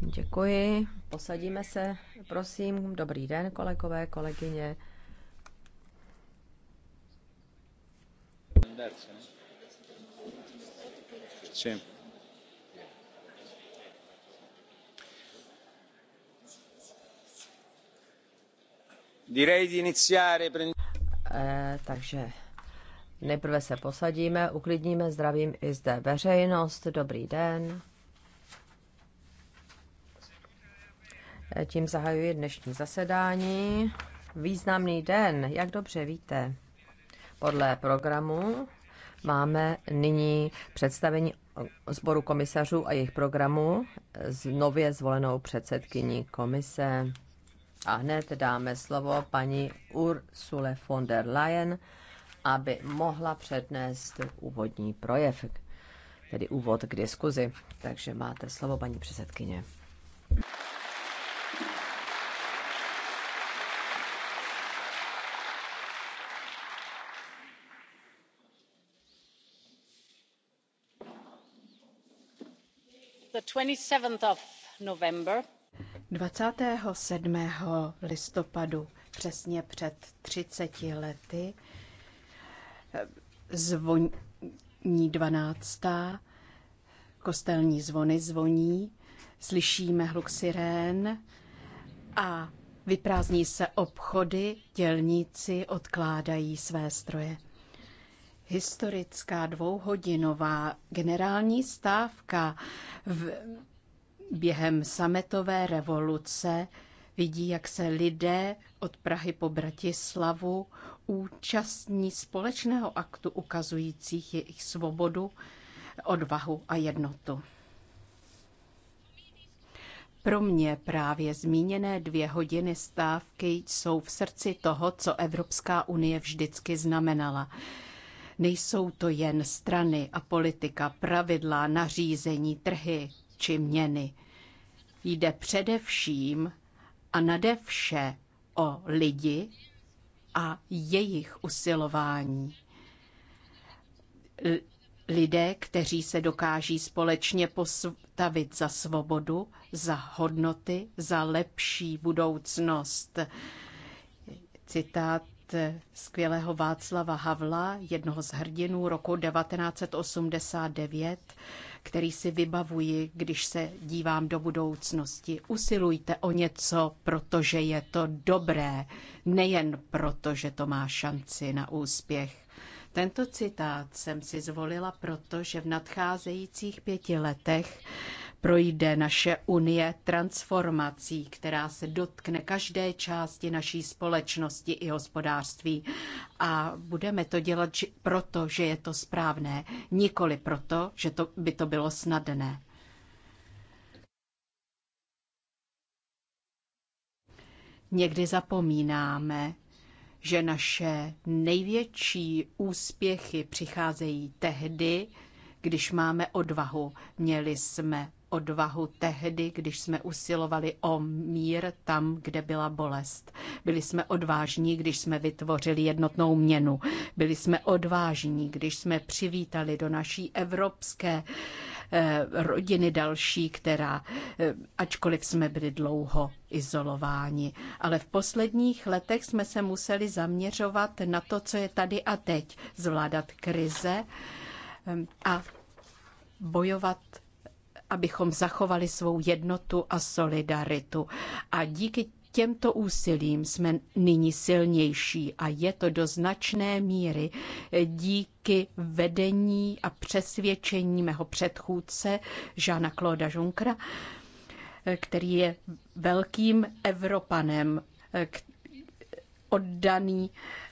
Děkuji. Posadíme se, prosím. Dobrý den, kolegové, kolegyně. Eh, takže nejprve se posadíme, uklidníme, zdravím i zde veřejnost. Dobrý den. Tím zahajuji dnešní zasedání. Významný den, jak dobře víte, podle programu máme nyní představení sboru komisařů a jejich programu s nově zvolenou předsedkyní komise. A hned dáme slovo paní Ursule von der Leyen, aby mohla přednést úvodní projev, tedy úvod k diskuzi. Takže máte slovo, paní předsedkyně. 27. listopadu, přesně před 30 lety, zvoní 12. kostelní zvony zvoní, slyšíme hluk sirén a vyprázdní se obchody, dělníci odkládají své stroje historická dvouhodinová generální stávka v, během sametové revoluce vidí, jak se lidé od Prahy po Bratislavu účastní společného aktu ukazujících jejich svobodu, odvahu a jednotu. Pro mě právě zmíněné dvě hodiny stávky jsou v srdci toho, co Evropská unie vždycky znamenala. Nejsou to jen strany a politika, pravidla, nařízení, trhy či měny. Jde především a nade vše o lidi a jejich usilování. Lidé, kteří se dokáží společně postavit za svobodu, za hodnoty, za lepší budoucnost. Citát skvělého Václava Havla, jednoho z hrdinů roku 1989, který si vybavuji, když se dívám do budoucnosti. Usilujte o něco, protože je to dobré, nejen proto, že to má šanci na úspěch. Tento citát jsem si zvolila proto, že v nadcházejících pěti letech projde naše unie transformací, která se dotkne každé části naší společnosti i hospodářství. A budeme to dělat proto, že je to správné, nikoli proto, že to by to bylo snadné. Někdy zapomínáme, že naše největší úspěchy přicházejí tehdy, když máme odvahu. Měli jsme odvahu tehdy, když jsme usilovali o mír tam, kde byla bolest. Byli jsme odvážní, když jsme vytvořili jednotnou měnu. Byli jsme odvážní, když jsme přivítali do naší evropské eh, rodiny další, která, eh, ačkoliv jsme byli dlouho izolováni. Ale v posledních letech jsme se museli zaměřovat na to, co je tady a teď, zvládat krize eh, a bojovat abychom zachovali svou jednotu a solidaritu. A díky těmto úsilím jsme nyní silnější a je to do značné míry díky vedení a přesvědčení mého předchůdce Žána Klóda Junckera, který je velkým Evropanem, oddaný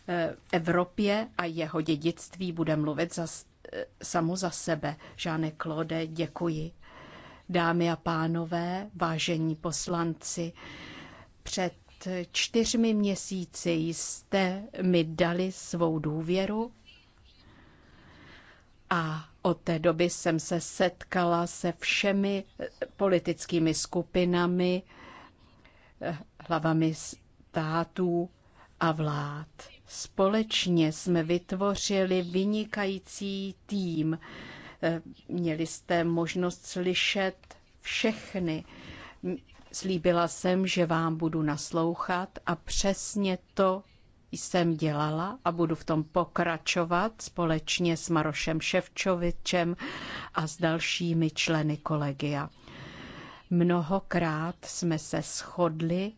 eh, Evropě a jeho dědictví bude mluvit za, eh, samo za sebe. Žáne Claude, děkuji Dámy a pánové, vážení poslanci, před čtyřmi měsíci jste mi dali svou důvěru a od té doby jsem se setkala se všemi politickými skupinami, hlavami států a vlád. Společně jsme vytvořili vynikající tým, Měli jste možnost slyšet všechny. Slíbila jsem, že vám budu naslouchat a přesně to jsem dělala a budu v tom pokračovat společně s Marošem Ševčovičem a s dalšími členy kolegia. Mnohokrát jsme se shodli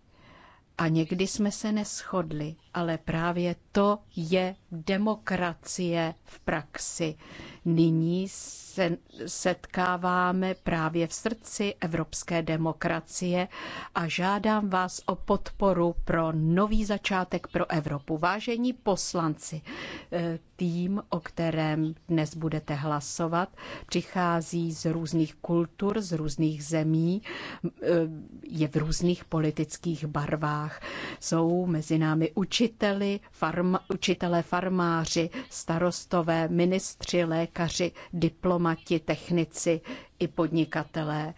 a někdy jsme se neschodli, ale právě to je demokracie v praxi. Nyní se setkáváme právě v srdci evropské demokracie a žádám vás o podporu pro nový začátek pro Evropu. Vážení poslanci, eh, tým, o kterém dnes budete hlasovat, přichází z různých kultur, z různých zemí, eh, je v různých politických barvách. Jsou mezi námi učiteli, farma, učitelé farmáři, starostové, ministři, lékaři, lékaři, diplomati, technici i podnikatelé.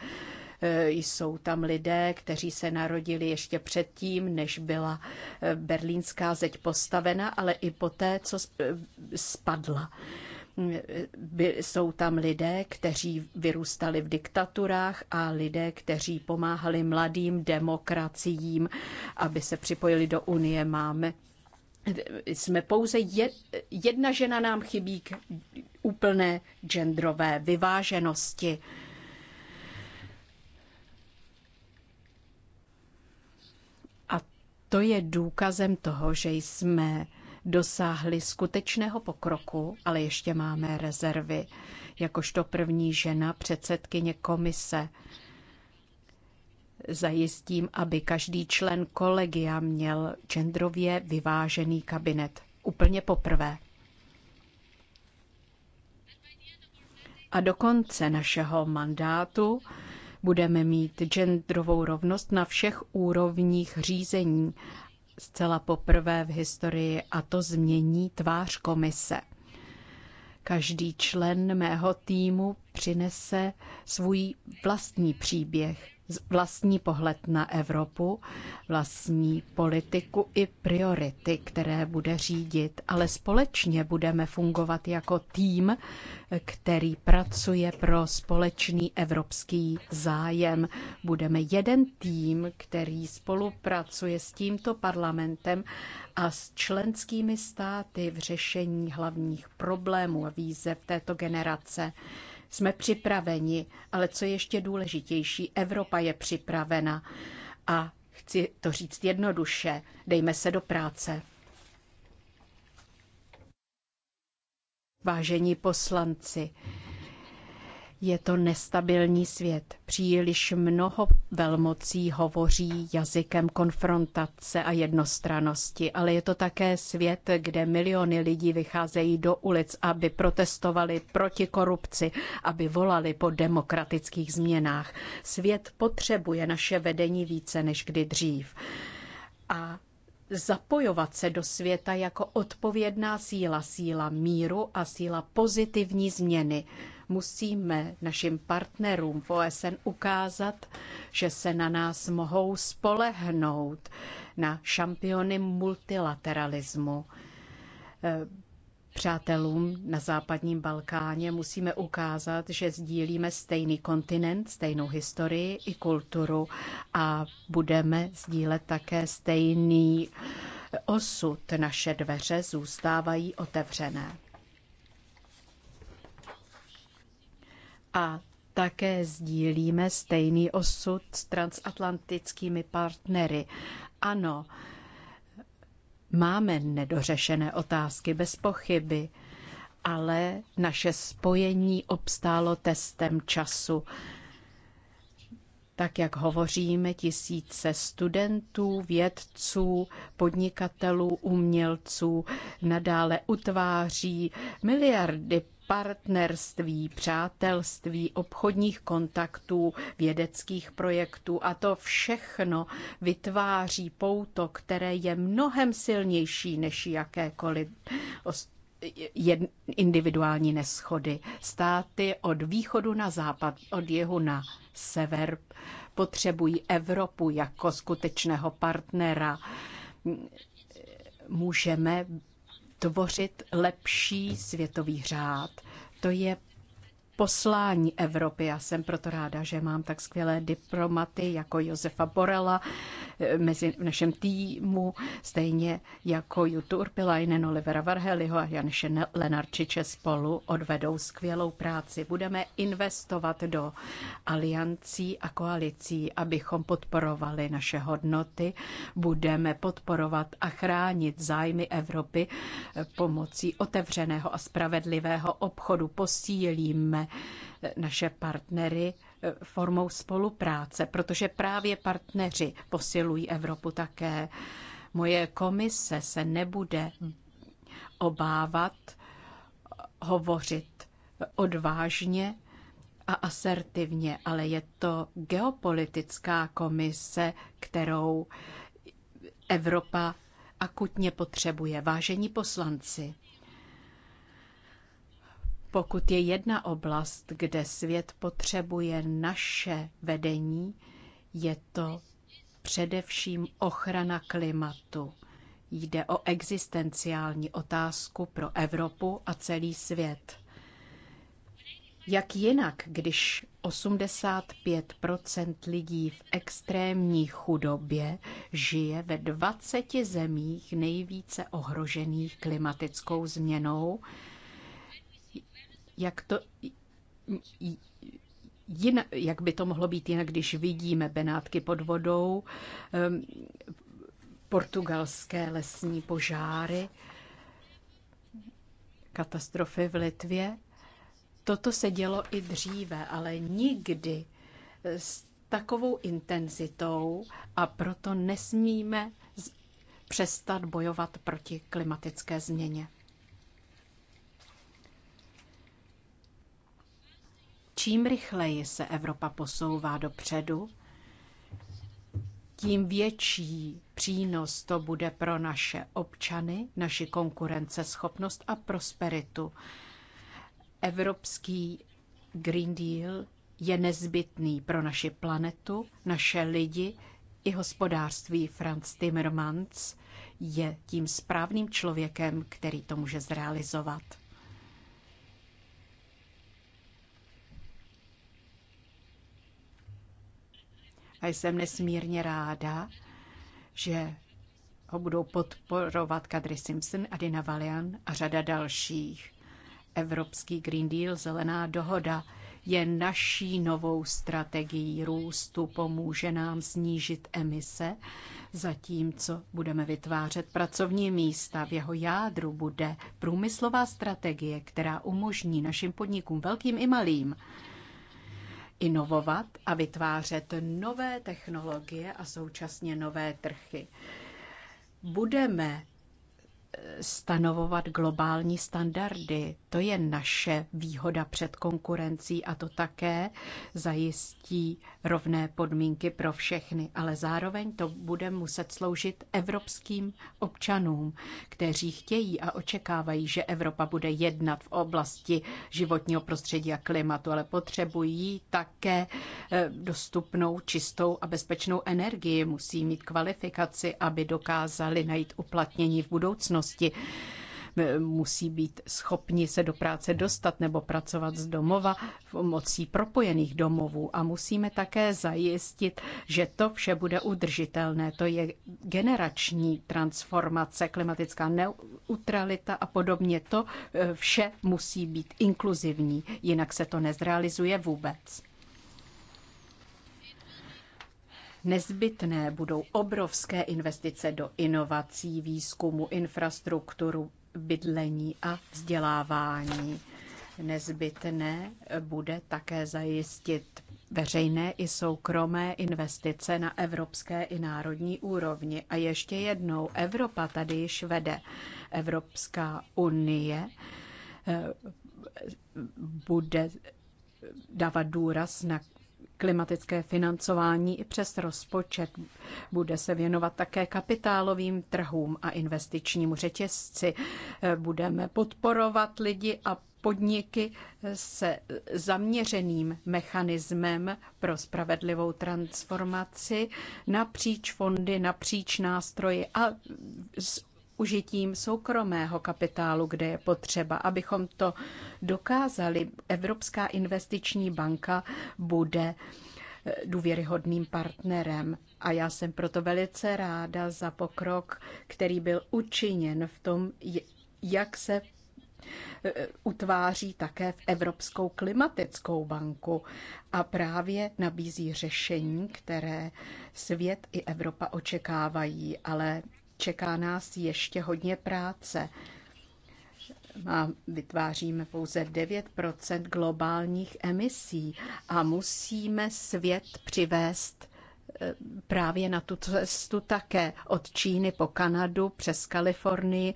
E, jsou tam lidé, kteří se narodili ještě předtím, než byla e, berlínská zeď postavena, ale i poté, co e, spadla jsou tam lidé, kteří vyrůstali v diktaturách a lidé, kteří pomáhali mladým demokraciím, aby se připojili do Unie. Máme jsme pouze jed, jedna žena nám chybí k úplné genderové vyváženosti. A to je důkazem toho, že jsme dosáhli skutečného pokroku, ale ještě máme rezervy. Jakožto první žena předsedkyně komise zajistím, aby každý člen kolegia měl genderově vyvážený kabinet. Úplně poprvé. A do konce našeho mandátu budeme mít genderovou rovnost na všech úrovních řízení. Zcela poprvé v historii a to změní tvář komise. Každý člen mého týmu přinese svůj vlastní příběh vlastní pohled na Evropu, vlastní politiku i priority, které bude řídit, ale společně budeme fungovat jako tým, který pracuje pro společný evropský zájem. Budeme jeden tým, který spolupracuje s tímto parlamentem a s členskými státy v řešení hlavních problémů a výzev této generace. Jsme připraveni, ale co ještě důležitější, Evropa je připravena. A chci to říct jednoduše, dejme se do práce. Vážení poslanci, je to nestabilní svět. Příliš mnoho velmocí hovoří jazykem konfrontace a jednostranosti, ale je to také svět, kde miliony lidí vycházejí do ulic, aby protestovali proti korupci, aby volali po demokratických změnách. Svět potřebuje naše vedení více než kdy dřív. A zapojovat se do světa jako odpovědná síla, síla míru a síla pozitivní změny. Musíme našim partnerům v OSN ukázat, že se na nás mohou spolehnout, na šampiony multilateralismu. Eh, přátelům na západním Balkáně musíme ukázat, že sdílíme stejný kontinent, stejnou historii i kulturu a budeme sdílet také stejný osud. Naše dveře zůstávají otevřené. a také sdílíme stejný osud s transatlantickými partnery. Ano, máme nedořešené otázky bez pochyby, ale naše spojení obstálo testem času. Tak jak hovoříme, tisíce studentů, vědců, podnikatelů, umělců nadále utváří miliardy partnerství, přátelství, obchodních kontaktů, vědeckých projektů a to všechno vytváří pouto, které je mnohem silnější než jakékoliv individuální neschody. Státy od východu na západ, od jihu na sever potřebují Evropu jako skutečného partnera. Můžeme tvořit lepší světový řád. To je poslání Evropy. Já jsem proto ráda, že mám tak skvělé diplomaty jako Josefa Borela eh, mezi v našem týmu, stejně jako Jutu Urpilainen, Olivera Varheliho a Janše Lenarčiče spolu odvedou skvělou práci. Budeme investovat do aliancí a koalicí, abychom podporovali naše hodnoty. Budeme podporovat a chránit zájmy Evropy eh, pomocí otevřeného a spravedlivého obchodu. Posílíme naše partnery e, formou spolupráce, protože právě partneři posilují Evropu také. Moje komise se nebude obávat hovořit odvážně a asertivně, ale je to geopolitická komise, kterou Evropa akutně potřebuje. Vážení poslanci, pokud je jedna oblast, kde svět potřebuje naše vedení, je to především ochrana klimatu. Jde o existenciální otázku pro Evropu a celý svět. Jak jinak, když 85 lidí v extrémní chudobě žije ve 20 zemích nejvíce ohrožených klimatickou změnou jak to jin, jak by to mohlo být jinak, když vidíme Benátky pod vodou, portugalské lesní požáry, katastrofy v Litvě. Toto se dělo i dříve, ale nikdy s takovou intenzitou a proto nesmíme přestat bojovat proti klimatické změně. Čím rychleji se Evropa posouvá dopředu, tím větší přínos to bude pro naše občany, naši konkurenceschopnost a prosperitu. Evropský Green Deal je nezbytný pro naši planetu, naše lidi i hospodářství. Franz Timmermans je tím správným člověkem, který to může zrealizovat. A jsem nesmírně ráda, že ho budou podporovat Kadri Simpson, Adina Valian a řada dalších. Evropský Green Deal, zelená dohoda, je naší novou strategií růstu, pomůže nám snížit emise, zatímco budeme vytvářet pracovní místa. V jeho jádru bude průmyslová strategie, která umožní našim podnikům, velkým i malým, inovovat a vytvářet nové technologie a současně nové trhy. Budeme stanovovat globální standardy. To je naše výhoda před konkurencí a to také zajistí rovné podmínky pro všechny. Ale zároveň to bude muset sloužit evropským občanům, kteří chtějí a očekávají, že Evropa bude jednat v oblasti životního prostředí a klimatu, ale potřebují také eh, dostupnou, čistou a bezpečnou energii. Musí mít kvalifikaci, aby dokázali najít uplatnění v budoucnosti schopnosti musí být schopni se do práce dostat nebo pracovat z domova pomocí propojených domovů a musíme také zajistit, že to vše bude udržitelné. To je generační transformace, klimatická neutralita a podobně. To e, vše musí být inkluzivní, jinak se to nezrealizuje vůbec. Nezbytné budou obrovské investice do inovací, výzkumu, infrastrukturu, bydlení a vzdělávání. Nezbytné bude také zajistit veřejné i soukromé investice na evropské i národní úrovni. A ještě jednou, Evropa tady již vede. Evropská unie eh, bude dávat důraz na Klimatické financování i přes rozpočet bude se věnovat také kapitálovým trhům a investičnímu řetězci. Budeme podporovat lidi a podniky se zaměřeným mechanismem pro spravedlivou transformaci napříč fondy, napříč nástroji a s užitím soukromého kapitálu, kde je potřeba. Abychom to dokázali, Evropská investiční banka bude eh, důvěryhodným partnerem. A já jsem proto velice ráda za pokrok, který byl učiněn v tom, jak se eh, utváří také v Evropskou klimatickou banku a právě nabízí řešení, které svět i Evropa očekávají, ale čeká nás ještě hodně práce. Má, vytváříme pouze 9 globálních emisí a musíme svět přivést eh, právě na tu cestu také od Číny po Kanadu přes Kalifornii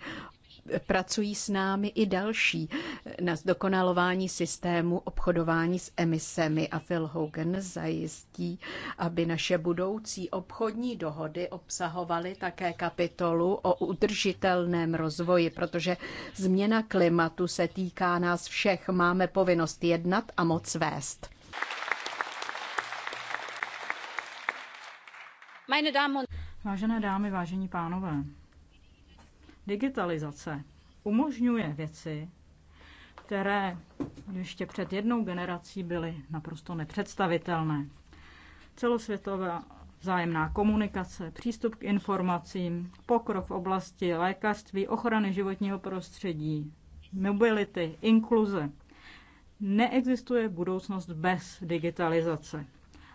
pracují s námi i další na zdokonalování systému obchodování s emisemi a Phil Hogan zajistí, aby naše budoucí obchodní dohody obsahovaly také kapitolu o udržitelném rozvoji, protože změna klimatu se týká nás všech. Máme povinnost jednat a moc vést. Vážené dámy, vážení pánové, digitalizace umožňuje věci, které ještě před jednou generací byly naprosto nepředstavitelné. Celosvětová vzájemná komunikace, přístup k informacím, pokrok v oblasti lékařství, ochrany životního prostředí, mobility, inkluze. Neexistuje budoucnost bez digitalizace.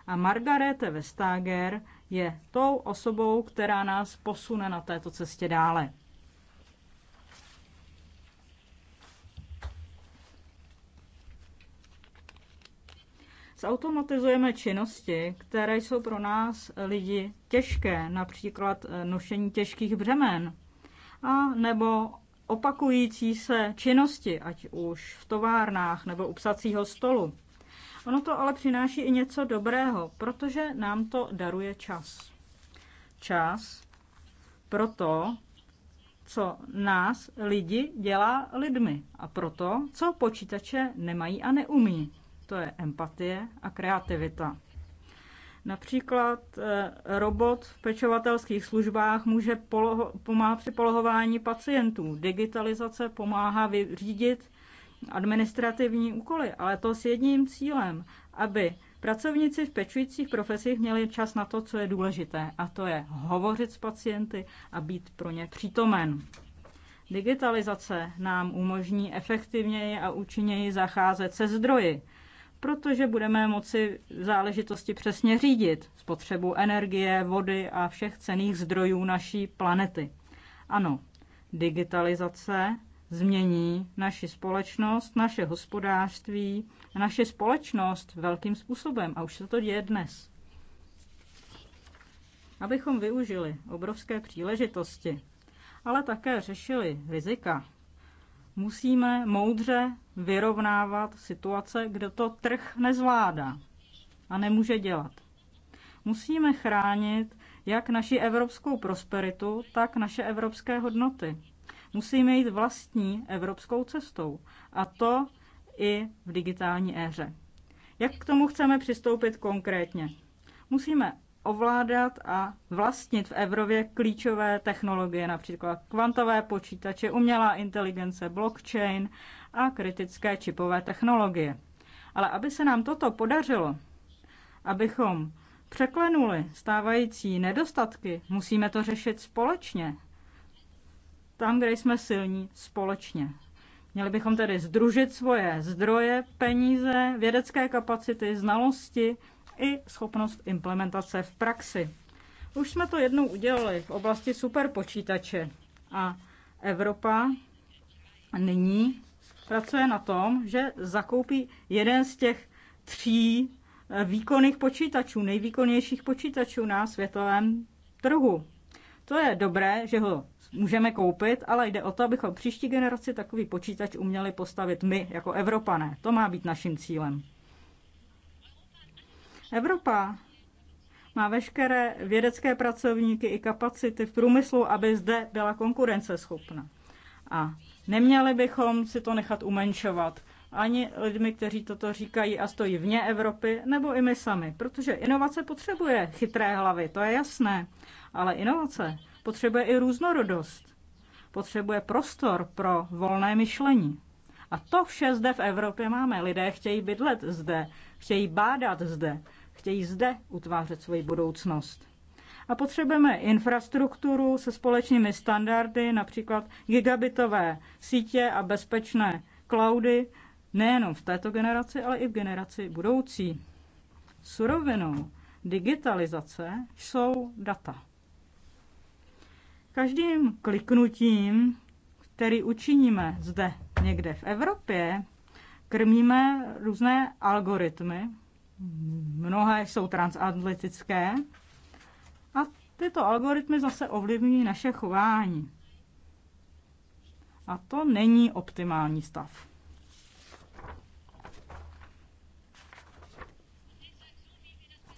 A Margarete Vestager je tou osobou, která nás posune na této cestě dále. zautomatizujeme činnosti, které jsou pro nás lidi těžké, například eh, nošení těžkých břemen, a nebo opakující se činnosti, ať už v továrnách nebo u psacího stolu. Ono to ale přináší i něco dobrého, protože nám to daruje čas. Čas pro to, co nás lidi dělá lidmi a proto, co počítače nemají a neumí to je empatie a kreativita. Například eh, robot v pečovatelských službách může poloho, pomáhat při polohování pacientů. Digitalizace pomáhá vyřídit administrativní úkoly, ale to s jedním cílem, aby pracovníci v pečujících profesích měli čas na to, co je důležité, a to je hovořit s pacienty a být pro ně přítomen. Digitalizace nám umožní efektivněji a účinněji zacházet se zdroji, protože budeme moci v záležitosti přesně řídit spotřebu energie, vody a všech cených zdrojů naší planety. Ano, digitalizace změní naši společnost, naše hospodářství, naše společnost velkým způsobem a už se to děje dnes. Abychom využili obrovské příležitosti, ale také řešili rizika, Musíme moudře vyrovnávat situace, kde to trh nezvládá a nemůže dělat. Musíme chránit jak naši evropskou prosperitu, tak naše evropské hodnoty. Musíme jít vlastní evropskou cestou a to i v digitální éře. Jak k tomu chceme přistoupit konkrétně? Musíme ovládat a vlastnit v Evrově klíčové technologie, například kvantové počítače, umělá inteligence, blockchain a kritické čipové technologie. Ale aby se nám toto podařilo, abychom překlenuli stávající nedostatky, musíme to řešit společně. Tam, kde jsme silní, společně. Měli bychom tedy združit svoje zdroje, peníze, vědecké kapacity, znalosti, i schopnost implementace v praxi. Už jsme to jednou udělali v oblasti superpočítače a Evropa nyní pracuje na tom, že zakoupí jeden z těch tří eh, výkonných počítačů, nejvýkonnějších počítačů na světovém trhu. To je dobré, že ho můžeme koupit, ale jde o to, abychom příští generaci takový počítač uměli postavit my jako Evropané. To má být naším cílem. Evropa má veškeré vědecké pracovníky i kapacity v průmyslu, aby zde byla konkurenceschopná. A neměli bychom si to nechat umenšovat ani lidmi, kteří toto říkají a stojí vně Evropy, nebo i my sami, protože inovace potřebuje chytré hlavy, to je jasné, ale inovace potřebuje i různorodost, potřebuje prostor pro volné myšlení. A to vše zde v Evropě máme. Lidé chtějí bydlet zde, chtějí bádat zde, chtějí zde utvářet svoji budoucnost. A potřebujeme infrastrukturu se společnými standardy, například gigabitové sítě a bezpečné cloudy, nejenom v této generaci, ale i v generaci budoucí. Surovinou digitalizace jsou data. Každým kliknutím, který učiníme zde někde v Evropě, krmíme různé algoritmy, mnohé jsou transatlantické a tyto algoritmy zase ovlivňují naše chování. A to není optimální stav.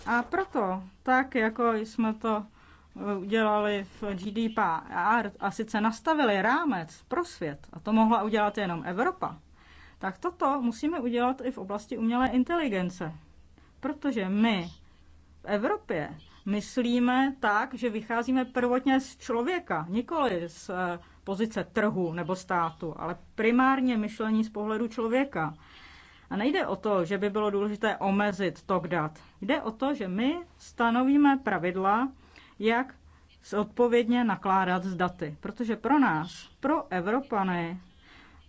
A proto, tak jako jsme to eh, udělali v GDPR a sice nastavili rámec pro svět, a to mohla udělat jenom Evropa, tak toto musíme udělat i v oblasti umělé inteligence protože my v Evropě myslíme tak, že vycházíme prvotně z člověka, nikoli z eh, pozice trhu nebo státu, ale primárně myšlení z pohledu člověka. A nejde o to, že by bylo důležité omezit tok dat. Jde o to, že my stanovíme pravidla, jak se odpovědně nakládat s daty. Protože pro nás, pro Evropany,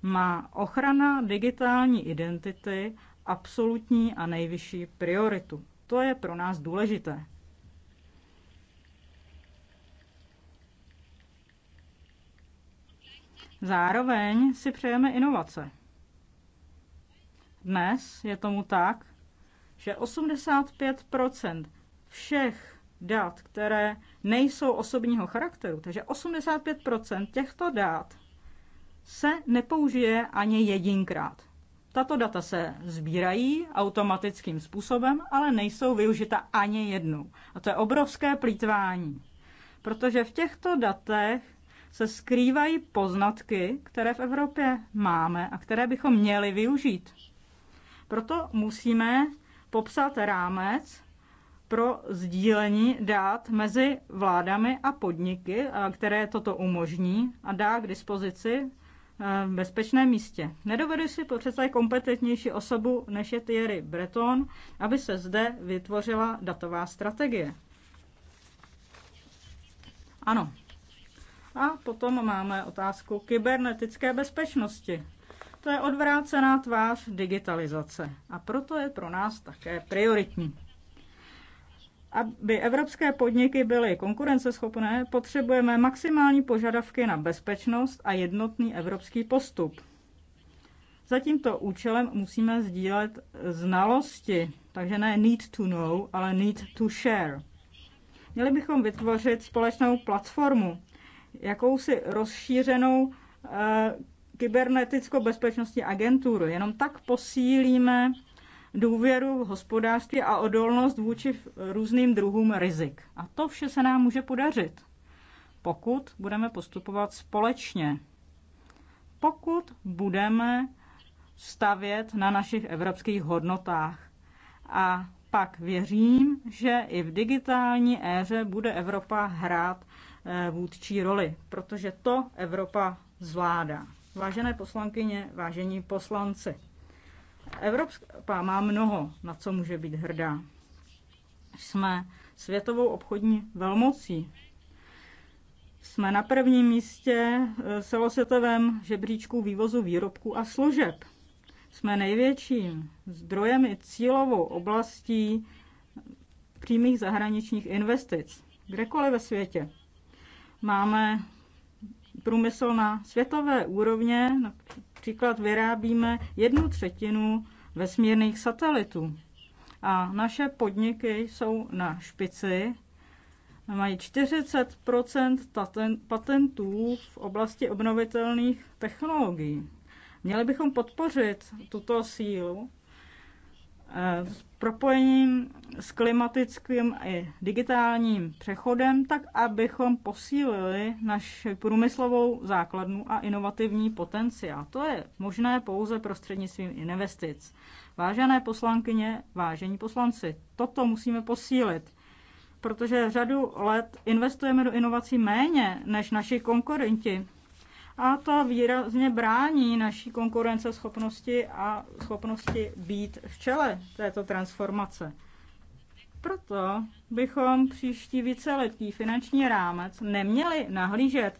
má ochrana digitální identity absolutní a nejvyšší prioritu. To je pro nás důležité. Zároveň si přejeme inovace. Dnes je tomu tak, že 85 všech dat, které nejsou osobního charakteru, takže 85 těchto dat se nepoužije ani jedinkrát. Tato data se sbírají automatickým způsobem, ale nejsou využita ani jednou. A to je obrovské plítvání, protože v těchto datech se skrývají poznatky, které v Evropě máme a které bychom měli využít. Proto musíme popsat rámec pro sdílení dát mezi vládami a podniky, které toto umožní a dá k dispozici v bezpečném místě. Nedovedu si představit kompetentnější osobu, než je Thierry Breton, aby se zde vytvořila datová strategie. Ano. A potom máme otázku kybernetické bezpečnosti. To je odvrácená tvář digitalizace a proto je pro nás také prioritní. Aby evropské podniky byly konkurenceschopné, potřebujeme maximální požadavky na bezpečnost a jednotný evropský postup. Za tímto účelem musíme sdílet znalosti, takže ne need to know, ale need to share. Měli bychom vytvořit společnou platformu, jakousi rozšířenou e, kybernetickou bezpečnostní agenturu. Jenom tak posílíme důvěru v hospodářství a odolnost vůči různým druhům rizik. A to vše se nám může podařit, pokud budeme postupovat společně. Pokud budeme stavět na našich evropských hodnotách. A pak věřím, že i v digitální éře bude Evropa hrát eh, vůdčí roli, protože to Evropa zvládá. Vážené poslankyně, vážení poslanci. Evropa má mnoho, na co může být hrdá. Jsme světovou obchodní velmocí. Jsme na prvním místě v eh, celosvětovém žebříčku vývozu výrobků a služeb. Jsme největším zdrojem i cílovou oblastí přímých zahraničních investic, kdekoliv ve světě. Máme průmysl na světové úrovně. Například vyrábíme jednu třetinu vesmírných satelitů. A naše podniky jsou na špici. Mají 40 patentů v oblasti obnovitelných technologií. Měli bychom podpořit tuto sílu Eh, s propojením s klimatickým i digitálním přechodem, tak abychom posílili naši průmyslovou základnu a inovativní potenciál. To je možné pouze prostřednictvím investic. Vážené poslankyně, vážení poslanci, toto musíme posílit, protože řadu let investujeme do inovací méně než naši konkurenti a ta výrazně brání naší konkurenceschopnosti a schopnosti být v čele této transformace. Proto bychom příští víceletý finanční rámec neměli nahlížet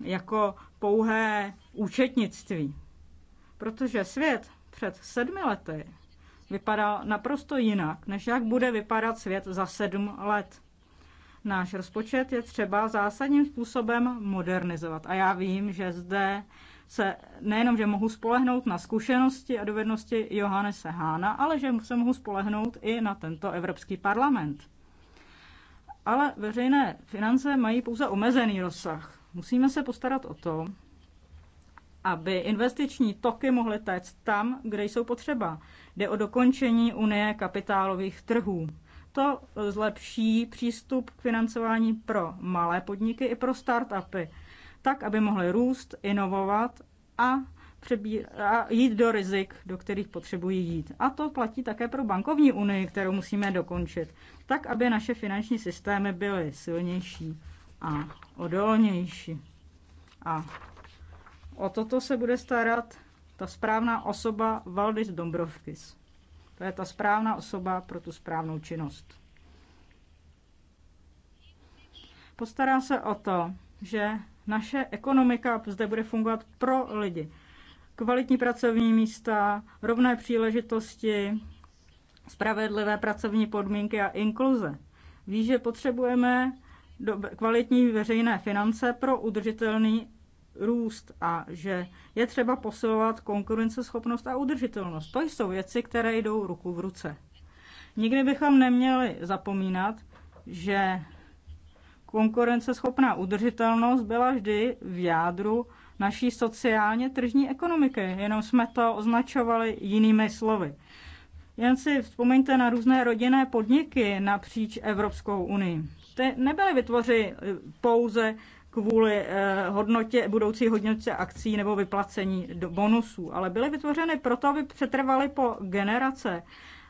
jako pouhé účetnictví. Protože svět před sedmi lety vypadal naprosto jinak, než jak bude vypadat svět za sedm let. Náš rozpočet je třeba zásadním způsobem modernizovat. A já vím, že zde se nejenom, že mohu spolehnout na zkušenosti a dovednosti Johannese Hána, ale že se mohu spolehnout i na tento Evropský parlament. Ale veřejné finance mají pouze omezený rozsah. Musíme se postarat o to, aby investiční toky mohly téct tam, kde jsou potřeba. Jde o dokončení Unie kapitálových trhů. To zlepší přístup k financování pro malé podniky i pro startupy, tak, aby mohly růst, inovovat a, a jít do rizik, do kterých potřebují jít. A to platí také pro bankovní unii, kterou musíme dokončit, tak, aby naše finanční systémy byly silnější a odolnější. A o toto se bude starat ta správná osoba Valdis Dombrovskis. To je ta správná osoba pro tu správnou činnost. Postará se o to, že naše ekonomika zde bude fungovat pro lidi. Kvalitní pracovní místa, rovné příležitosti, spravedlivé pracovní podmínky a inkluze. Ví, že potřebujeme kvalitní veřejné finance pro udržitelný růst a že je třeba posilovat konkurenceschopnost a udržitelnost. To jsou věci, které jdou ruku v ruce. Nikdy bychom neměli zapomínat, že konkurenceschopná udržitelnost byla vždy v jádru naší sociálně tržní ekonomiky, jenom jsme to označovali jinými slovy. Jen si vzpomeňte na různé rodinné podniky napříč Evropskou unii. Ty nebyly vytvořeny pouze kvůli eh, hodnotě, budoucí hodnotě akcí nebo vyplacení do bonusů, ale byly vytvořeny proto, aby přetrvaly po generace,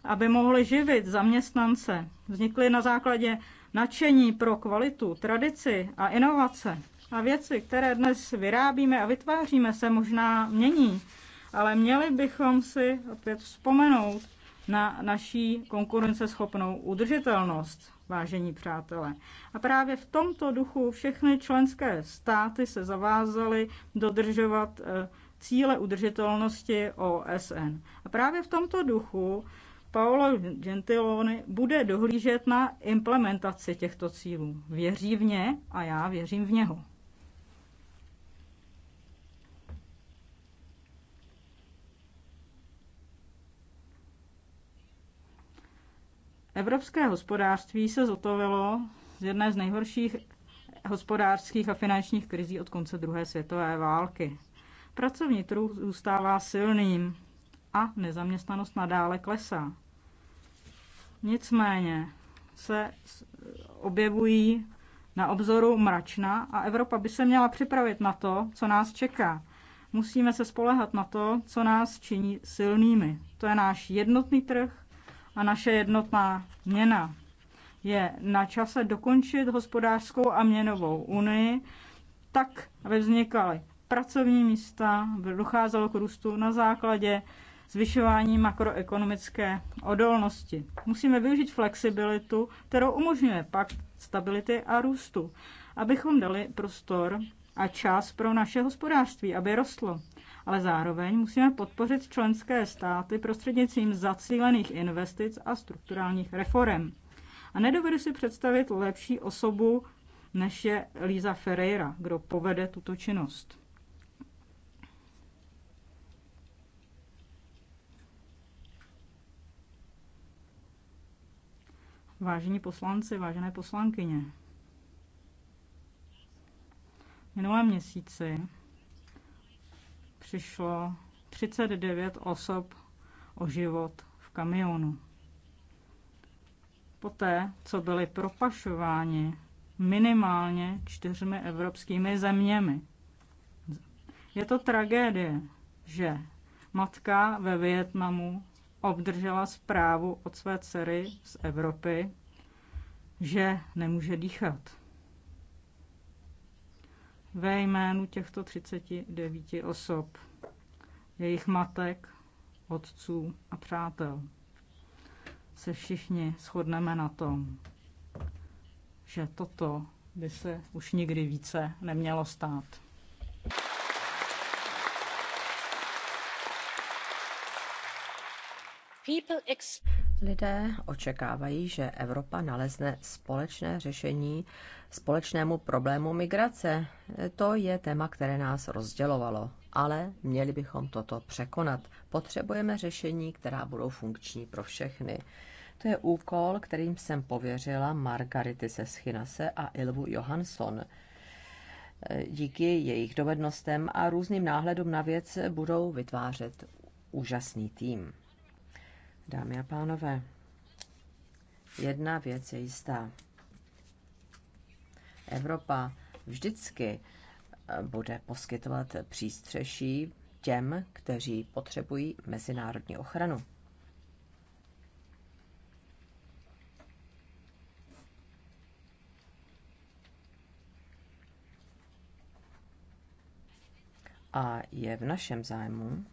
aby mohly živit zaměstnance. Vznikly na základě nadšení pro kvalitu, tradici a inovace. A věci, které dnes vyrábíme a vytváříme, se možná mění, ale měli bychom si opět vzpomenout na naší konkurenceschopnou udržitelnost vážení přátelé. A právě v tomto duchu všechny členské státy se zavázaly dodržovat eh, cíle udržitelnosti OSN. A právě v tomto duchu Paolo Gentiloni bude dohlížet na implementaci těchto cílů. Věří v ně a já věřím v něho. Evropské hospodářství se zotovilo z jedné z nejhorších hospodářských a finančních krizí od konce druhé světové války. Pracovní trh zůstává silným a nezaměstnanost nadále klesá. Nicméně se objevují na obzoru mračna a Evropa by se měla připravit na to, co nás čeká. Musíme se spolehat na to, co nás činí silnými. To je náš jednotný trh, a naše jednotná měna. Je na čase dokončit hospodářskou a měnovou unii tak, aby vznikaly pracovní místa, aby docházelo k růstu na základě zvyšování makroekonomické odolnosti. Musíme využít flexibilitu, kterou umožňuje pakt stability a růstu, abychom dali prostor a čas pro naše hospodářství, aby rostlo ale zároveň musíme podpořit členské státy prostřednictvím zacílených investic a strukturálních reform. A nedovedu si představit lepší osobu, než je Líza Ferreira, kdo povede tuto činnost. Vážení poslanci, vážené poslankyně, minulém měsíci přišlo 39 osob o život v kamionu. Poté, co byli propašováni minimálně čtyřmi evropskými zeměmi. Je to tragédie, že matka ve Vietnamu obdržela zprávu od své dcery z Evropy, že nemůže dýchat ve jménu těchto 39 osob, jejich matek, otců a přátel. Se všichni shodneme na tom, že toto by se už nikdy více nemělo stát. People Lidé očekávají, že Evropa nalezne společné řešení společnému problému migrace. To je téma, které nás rozdělovalo, ale měli bychom toto překonat. Potřebujeme řešení, která budou funkční pro všechny. To je úkol, kterým jsem pověřila Margarity Seschinase a Ilvu Johansson. Díky jejich dovednostem a různým náhledům na věc budou vytvářet úžasný tým. Dámy a pánové, jedna věc je jistá. Evropa vždycky eh, bude poskytovat přístřeší těm, kteří potřebují mezinárodní ochranu. A je v našem zájmu,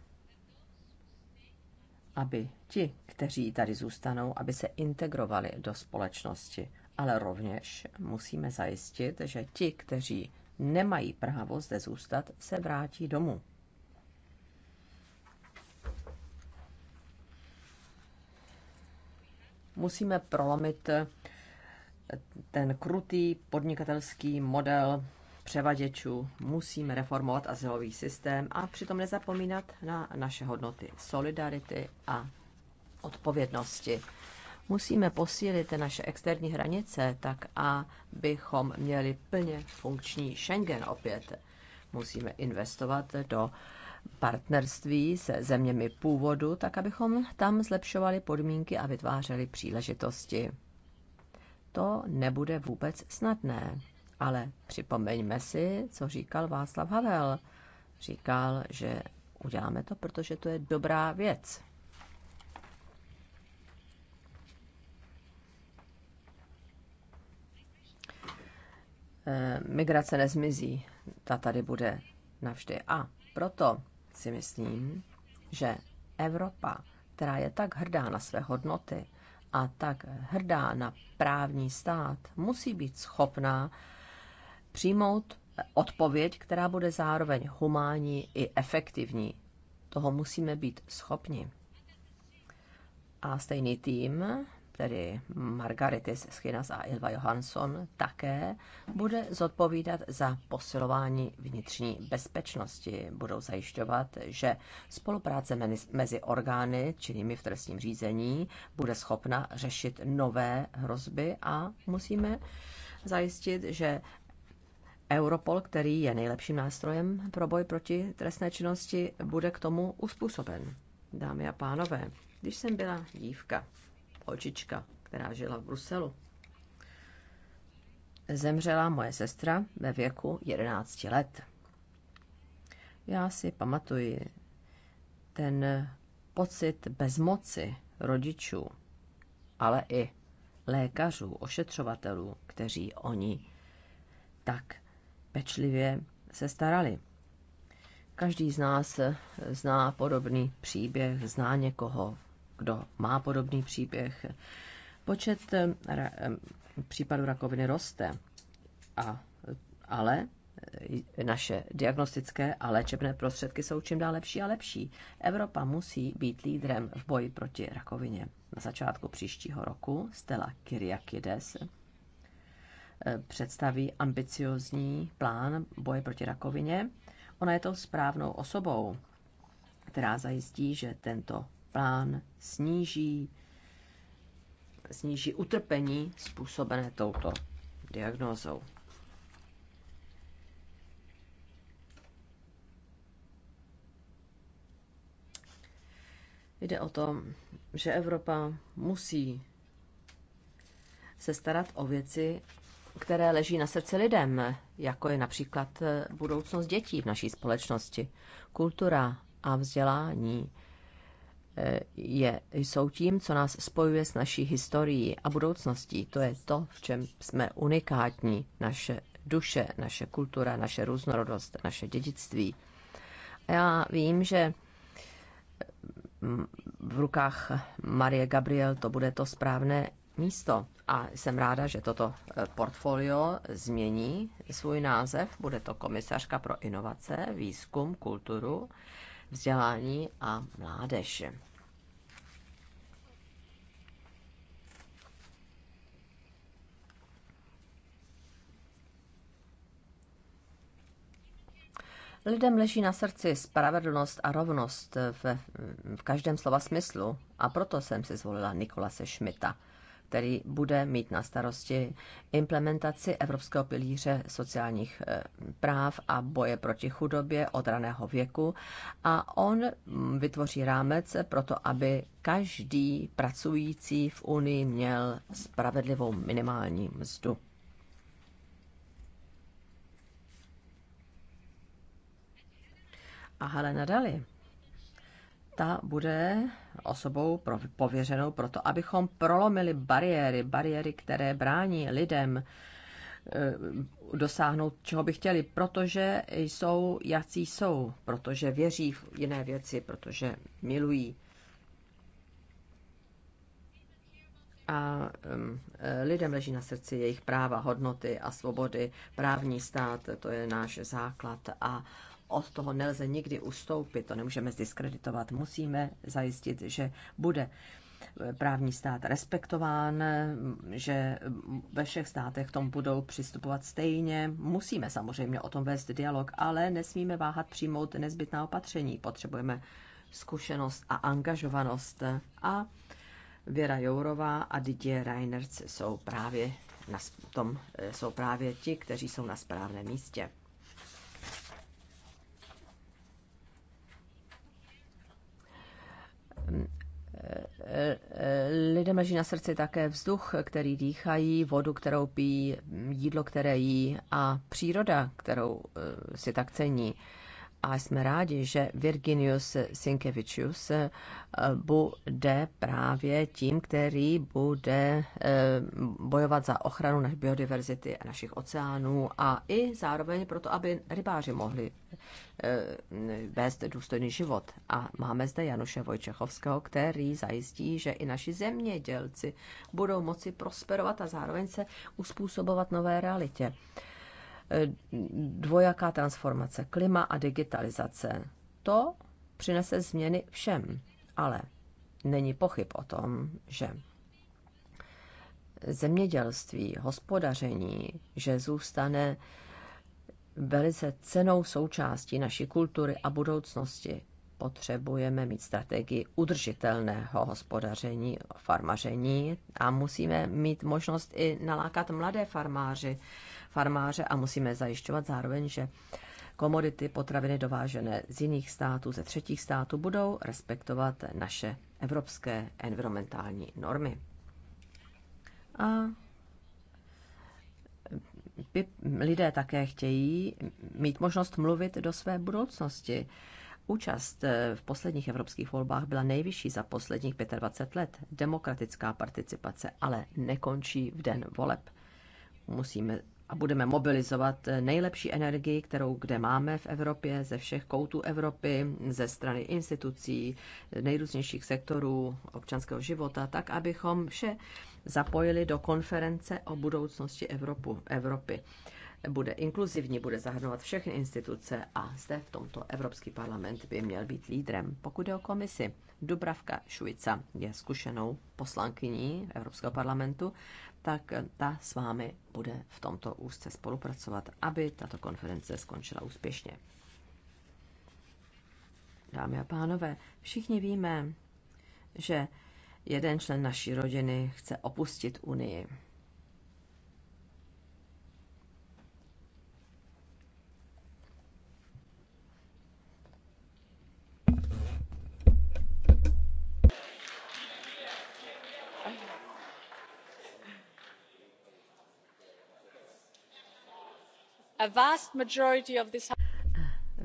aby ti, kteří tady zůstanou, aby se integrovali do společnosti. Ale rovněž musíme zajistit, že ti, kteří nemají právo zde zůstat, se vrátí domů. Musíme prolomit ten krutý podnikatelský model převaděčů. Musíme reformovat azylový systém a přitom nezapomínat na naše hodnoty solidarity a odpovědnosti. Musíme posílit naše externí hranice tak, abychom měli plně funkční Schengen opět. Musíme investovat do partnerství se zeměmi původu, tak abychom tam zlepšovali podmínky a vytvářeli příležitosti. To nebude vůbec snadné ale připomeňme si, co říkal Václav Havel. Říkal, že uděláme to, protože to je dobrá věc. Eh, migrace nezmizí, ta tady bude navždy. A proto si myslím, že Evropa, která je tak hrdá na své hodnoty a tak hrdá na právní stát, musí být schopná přijmout odpověď, která bude zároveň humánní i efektivní. Toho musíme být schopni. A stejný tým, tedy Margaritis Schinas a Ilva Johansson, také bude zodpovídat za posilování vnitřní bezpečnosti. Budou zajišťovat, že spolupráce mezi orgány činnými v trestním řízení bude schopna řešit nové hrozby a musíme zajistit, že Europol, který je nejlepším nástrojem pro boj proti trestné činnosti, bude k tomu uspůsoben. Dámy a pánové, když jsem byla dívka, holčička, která žila v Bruselu, zemřela moje sestra ve věku 11 let. Já si pamatuji ten pocit bezmoci rodičů, ale i lékařů, ošetřovatelů, kteří oni tak pečlivě se starali. Každý z nás zná podobný příběh, zná někoho, kdo má podobný příběh. Počet eh, eh, případů rakoviny roste, a, ale eh, naše diagnostické a léčebné prostředky jsou čím dál lepší a lepší. Evropa musí být lídrem v boji proti rakovině. Na začátku příštího roku Stella Kyriakides Eh, představí ambiciozní plán boje proti rakovině. Ona je to správnou osobou, která zajistí, že tento plán sníží, sníží utrpení způsobené touto diagnózou. Jde o to, že Evropa musí se starat o věci, které leží na srdci lidem, jako je například eh, budoucnost dětí v naší společnosti. Kultura a vzdělání eh, je, jsou tím, co nás spojuje s naší historií a budoucností. To je to, v čem jsme unikátní, naše duše, naše kultura, naše různorodost, naše dědictví. A já vím, že eh, v rukách Marie Gabriel to bude to správné místo. A jsem ráda, že toto eh, portfolio změní svůj název. Bude to komisařka pro inovace, výzkum, kulturu, vzdělání a mládež. Lidem leží na srdci spravedlnost a rovnost v, v každém slova smyslu a proto jsem si zvolila Nikolase Šmita který bude mít na starosti implementaci Evropského pilíře sociálních eh, práv a boje proti chudobě od raného věku. A on mm, vytvoří rámec pro to, aby každý pracující v Unii měl spravedlivou minimální mzdu. A Helena Dali, ta bude osobou pověřenou pro to, abychom prolomili bariéry, bariéry, které brání lidem eh, dosáhnout, čeho by chtěli, protože jsou, jací jsou, protože věří v jiné věci, protože milují. A eh, lidem leží na srdci jejich práva, hodnoty a svobody. Právní stát, to je náš základ a od toho nelze nikdy ustoupit, to nemůžeme zdiskreditovat. Musíme zajistit, že bude e, právní stát respektován, že ve všech státech k tomu budou přistupovat stejně. Musíme samozřejmě o tom vést dialog, ale nesmíme váhat přijmout nezbytná opatření. Potřebujeme zkušenost a angažovanost. A Věra Jourová a Didier Reinerc jsou právě, na, tom, e, jsou právě ti, kteří jsou na správném místě. Lidem leží na srdci také vzduch, který dýchají, vodu, kterou pijí, jídlo, které jí a příroda, kterou eh, si tak cení a jsme rádi, že Virginius Sinkevičius eh, bude právě tím, který bude eh, bojovat za ochranu naší biodiverzity a našich oceánů a i zároveň proto, aby rybáři mohli eh, vést důstojný život. A máme zde Januše Vojčechovského, který zajistí, že i naši zemědělci budou moci prosperovat a zároveň se uspůsobovat nové realitě dvojaká transformace klima a digitalizace. To přinese změny všem, ale není pochyb o tom, že zemědělství, hospodaření, že zůstane velice cenou součástí naší kultury a budoucnosti. Potřebujeme mít strategii udržitelného hospodaření, farmaření a musíme mít možnost i nalákat mladé farmáři farmáře a musíme zajišťovat zároveň, že komodity, potraviny dovážené z jiných států, ze třetích států budou respektovat naše evropské environmentální normy. A lidé také chtějí mít možnost mluvit do své budoucnosti. Účast eh, v posledních evropských volbách byla nejvyšší za posledních 25 let. Demokratická participace ale nekončí v den voleb. Musíme a budeme mobilizovat eh, nejlepší energii, kterou kde máme v Evropě, ze všech koutů Evropy, ze strany institucí, nejrůznějších sektorů občanského života, tak abychom vše zapojili do konference o budoucnosti Evropu, Evropy. Bude inkluzivní, bude zahrnovat všechny instituce a zde v tomto Evropský parlament by měl být lídrem. Pokud je o komisi, Dubravka Šujica je zkušenou poslankyní Evropského parlamentu tak ta s vámi bude v tomto úzce spolupracovat, aby tato konference skončila úspěšně. Dámy a pánové, všichni víme, že jeden člen naší rodiny chce opustit Unii.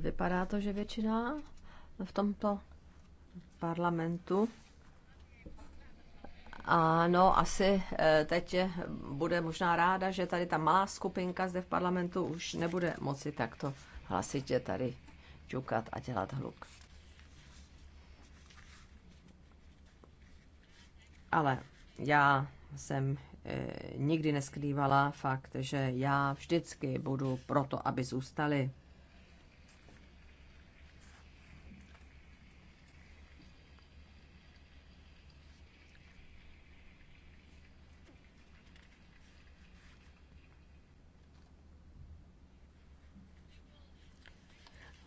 Vypadá to, že většina v tomto parlamentu ano, asi eh, teď bude možná ráda, že tady ta malá skupinka zde v parlamentu už nebude moci takto hlasitě tady ťukat a dělat hluk. Ale já jsem Eh, nikdy neskrývala fakt, že já vždycky budu proto, aby zůstali.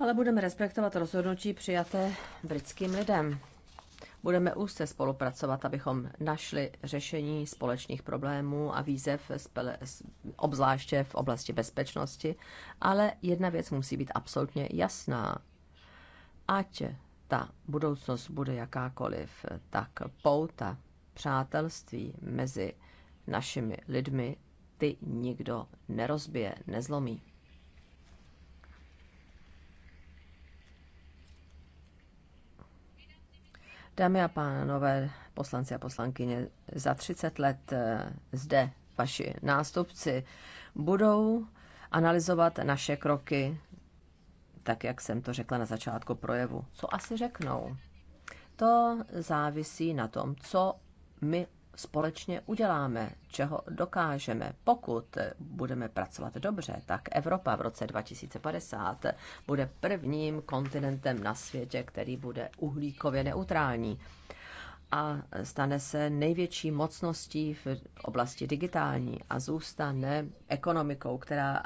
Ale budeme respektovat rozhodnutí přijaté britským lidem. Budeme úzce spolupracovat, abychom našli řešení společných problémů a výzev, obzvláště v oblasti bezpečnosti, ale jedna věc musí být absolutně jasná. Ať ta budoucnost bude jakákoliv, tak pouta přátelství mezi našimi lidmi ty nikdo nerozbije, nezlomí. Dámy a pánové, poslanci a poslankyně, za 30 let eh, zde vaši nástupci budou analyzovat naše kroky, tak jak jsem to řekla na začátku projevu. Co asi řeknou? To závisí na tom, co my společně uděláme, čeho dokážeme. Pokud budeme pracovat dobře, tak Evropa v roce 2050 bude prvním kontinentem na světě, který bude uhlíkově neutrální a stane se největší mocností v oblasti digitální a zůstane ekonomikou, která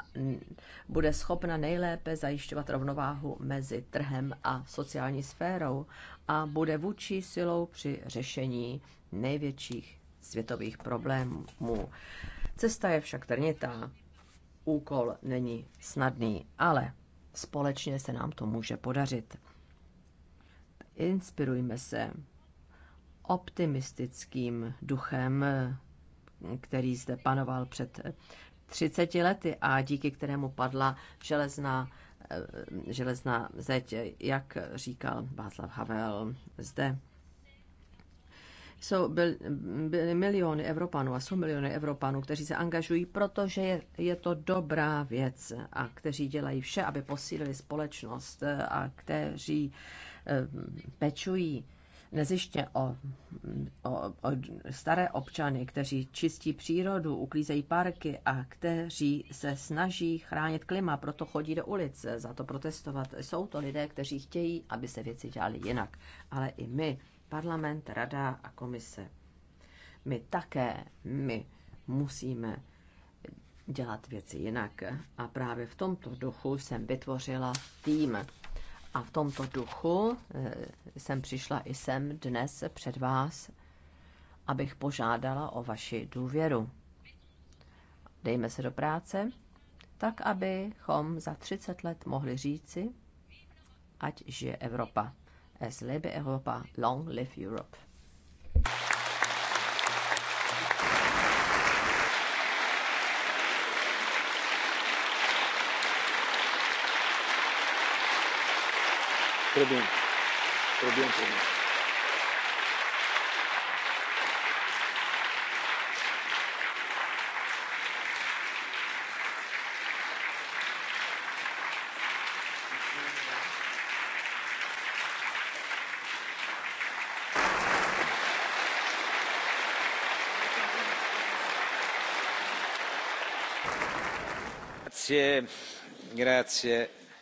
bude schopna nejlépe zajišťovat rovnováhu mezi trhem a sociální sférou a bude vůči silou při řešení největších světových problémů. Cesta je však trnitá, úkol není snadný, ale společně se nám to může podařit. Inspirujme se optimistickým duchem, který zde panoval před 30 lety a díky kterému padla železná, eh, železná zeď, jak říkal Václav Havel zde jsou, byl, byly miliony Evropanů a jsou miliony Evropanů, kteří se angažují, protože je, je to dobrá věc a kteří dělají vše, aby posílili společnost a kteří eh, pečují neziště o, o, o staré občany, kteří čistí přírodu, uklízejí parky a kteří se snaží chránit klima, proto chodí do ulic za to protestovat. Jsou to lidé, kteří chtějí, aby se věci dělaly jinak. Ale i my parlament, rada a komise. My také, my musíme dělat věci jinak. A právě v tomto duchu jsem vytvořila tým. A v tomto duchu eh, jsem přišla i sem dnes před vás, abych požádala o vaši důvěru. Dejme se do práce, tak abychom za 30 let mohli říci, ať žije Evropa. Es lebe Europa, long live Europe. Très bien. Très bien, très bien.